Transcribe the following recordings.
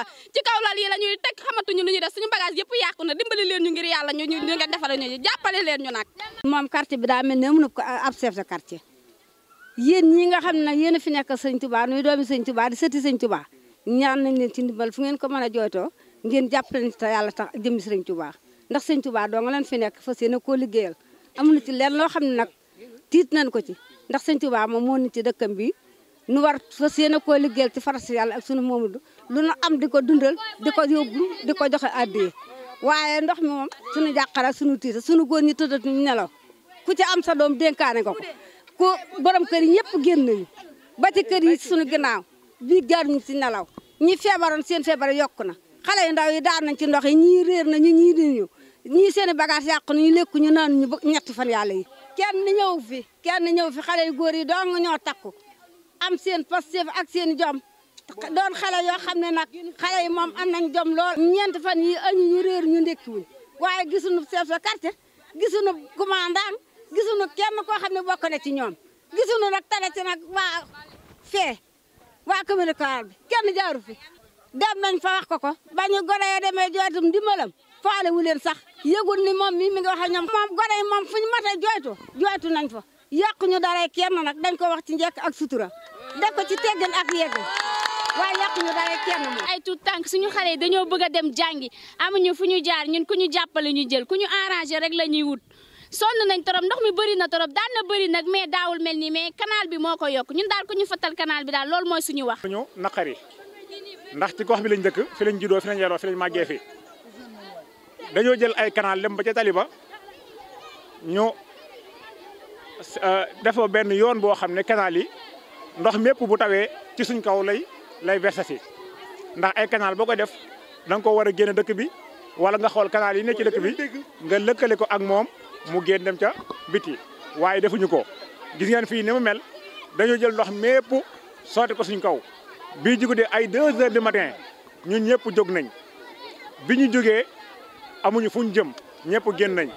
yàlla ci kaw la ñuy teg xamatuñu lu ñuy def suñu bagage yëpp yàqu na dimbali leen ñu ngir yàlla ñu ñu nga defal ñu leen ñu nag. moom quartier bi daa mel ne mënu ko ab chef de quartier yéen ñi nga xam na nag yéen a fi nekk sëñ Tuubaa nuy doomi sëñ Tuubaa di sëti sëñ Tuubaa ñaan nañ leen ci ndimbal fu ngeen ko mën a jooytoo ngeen jàppale te yàlla tax jëmmi sëñ Tuubaa ndax sëñ Tuubaa doo nga leen fi nekk fas yéene koo liggéeyal amuñu ci leen loo xam ne nag tiit nañ ko ci ndax sëñ Tuubaa moom moo nit ci dëkkam bi nu war fas yéene koo liggéeyal ci faras yàlla ak sunu moomu lu nu am di ko dundal di ko yóbbu di ko joxe addiya waaye ndox mi moom sunu jàqara sunu tiita sunu góor ñi tëddat ñu nelaw ku ci am sa doom dénkaane nga ko ku borom kër yi ñëpp génn nañu ba ci kër yi sunu ginnaaw bii jaar ñu si nelaw ñi feebaroon seen feebar yokku na xale yu ndaw yi daar nañ ci ndox yi ñii réer na ñu ñii diñu ñii seen i bagage yàqu na ñu lekku ñu naan ñu ñetti fan yàlla yi kenn ñëw fi kenn ñëw fi xale góor yi dong ñoo takku am seen Pastef ak seen jom doon xale yo xam ne nag xale yi moom am nañ jom lool ñeent fan yi añu ñu réer ñu ndékkiwuñ waaye gisuñu chef de quartier gisuñu commandant gisuñu kenn koo xam ne bokk na ci ñoom gisuñu nag tane ci nag waa fee waa commune Kawar bi kenn jaaru fi dem nañ fa wax ko ko ba ñu gone ya demee mu dimbalam faale wu leen sax yëgul ni moom mii mi ngi wax ak ñoom moom gone yi moom fu ñu matee jooytu jooytu nañ fa yàquñu ñu daray kenn nag dañ ko wax ci njekk ak sutura def ko ci teggin ak yegg waaye yàq ñu daray kenn moom ay tuut tànk suñu xale yi dañoo bëgg dem jàngi amuñu fu ñu jaar ñun ku ñu jàppale ñu jël ku ñu arrangé rek la ñuy wut sonn nañ torop ndox mi bëri na torop daan na bëri nag mais daawul mel nii mais kanaal bi moo ko yokk ñun daal ku ñu fattal kanaal bi daal lool mooy suñu wax ñu naqari ndax ci gox bi lañ jëkk fi lañ juddoo fi lañ yaroo fi lañ màggee jël ay canal dem ba ca taliba Euh, defoo benn yoon boo xam ne canal yi ndox mépp bu tawee ci suñ kaw lay lay verser ndax ay kanaal boo ko def danga ko war a génne dëkk bi wala nga xool canal yi ne ci dëkk bi nga lëkkale ko ak moom mu génn dem ca biti waaye defuñu ko gis ngeen fii ni mu mel dañoo jël ndox mépp sooti ko suñ kaw bi ji guddee ay deux heures matin ñun ñëpp jóg nañ bi ñu jógee amuñu fuñ jëm ñëpp génn nañ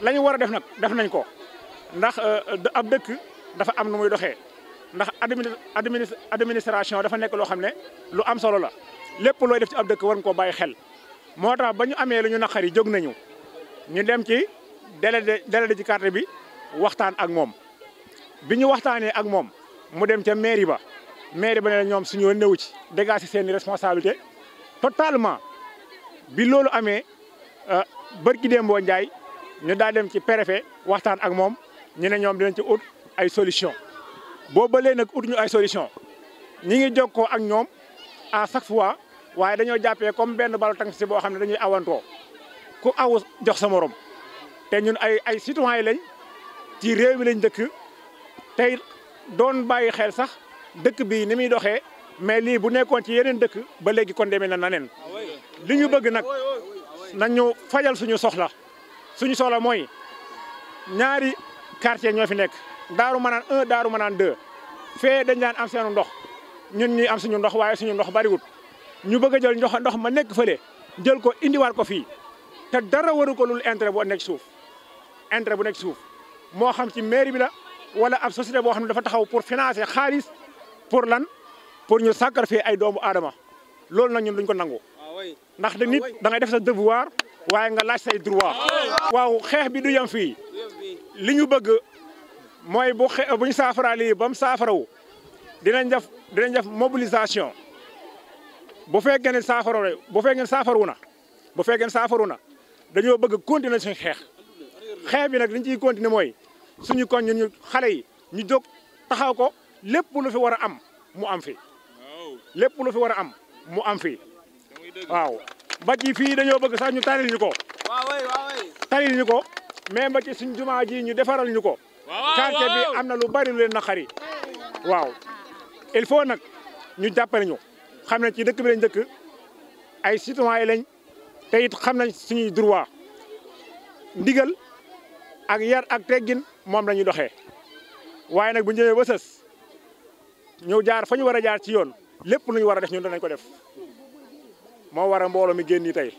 la war a def nag def nañ ko ndax euh, ab dëkk dafa am nu muy doxee ndax admini administration dafa nekk loo xam ne lu am solo la lépp looy def ci ab dëkk war nga koo bàyyi xel. moo tax ba ñu amee lu ñu naqari jóg nañu ñu dem ci délédé délédé ci carte bi waxtaan ak moom bi ñu waxtaanee ak moom mu dem ca mairie ba mairie ba ne ñoom suñu néew ci dégager seen i responsabilité totalement bi loolu amee euh, bërki démboo Njaay ñu daa dem ci préfet waxtaan ak moom. ñu ne ñoom dinañ ci ut ay solution boo bëlee nag ut ñu ay solution ñi ngi jokkoo ak ñoom a chaque fois waaye dañoo jàppee comme benn balu tànk si boo xam ne dañuy awantoo ku aw jox sa morom te ñun ay ay yi lañ ci réew mi lañ dëkk tey doon bàyyi xel sax dëkk bi ni muy doxee mais lii bu nekkoon ci yeneen dëkk ba léegi kon demee na naneen li ñu bëgg nag nañu fajal suñu soxla suñu soxla mooy ñaari quartier ñoo fi nekk daaru manaan un daaru manaan deux fee dañ daan am seenu ndox ñun ñuy am suñu ndox waaye suñu ndox bariwut ñu bëgg a jël ndox ndox ma nekk fële jël ko indiwaat ko fii te dara waru ko lul intérêt bu nekk suuf intérêt bu nekk suuf moo xam ci mairie bi la wala ab société boo xam ne dafa taxaw pour financer xaalis pour lan pour ñu sacrifier ay doomu aadama loolu na ñun duñ ko nangu ndax de nit ah da def sa devoir waaye nga laaj say droit ah waaw xeex bi li ñu bëgg mooy bu xe bu ñu saafaraa lii ba mu saafarawu dinañ def dinañ def mobilisation bu fekkee ne saafara bu fekkee ne saafaru bu fekkee ne saafaru dañoo bëgg continuer suñu xeex xeex bi nag liñ ciy continuer mooy suñu koñ ñu xale yi ñu jóg taxaw ko lépp lu fi war a am mu am fi lépp lu fi war a am mu am fi waaw ba ci fii dañoo bëgg sax ñu taril ñu ko taril ñu ko mais ba suñ jumaa ji ñu defaral ñu ko quartier bi am na lu bari lu leen xari waaw il faut nag ñu jàppale ñu xam na ci dëkk bi lañ dëkk ay citoyen yi lañ te xam nañ suñuy droit ndigal ak yar ak teggin moom la ñuy doxee waaye nag bu ñu ñëwee ba sës ñëw jaar fa ñu war a jaar ci yoon lépp lu ñu war a def ñu danañ ko def moo war a mbooloo mi génn nii tey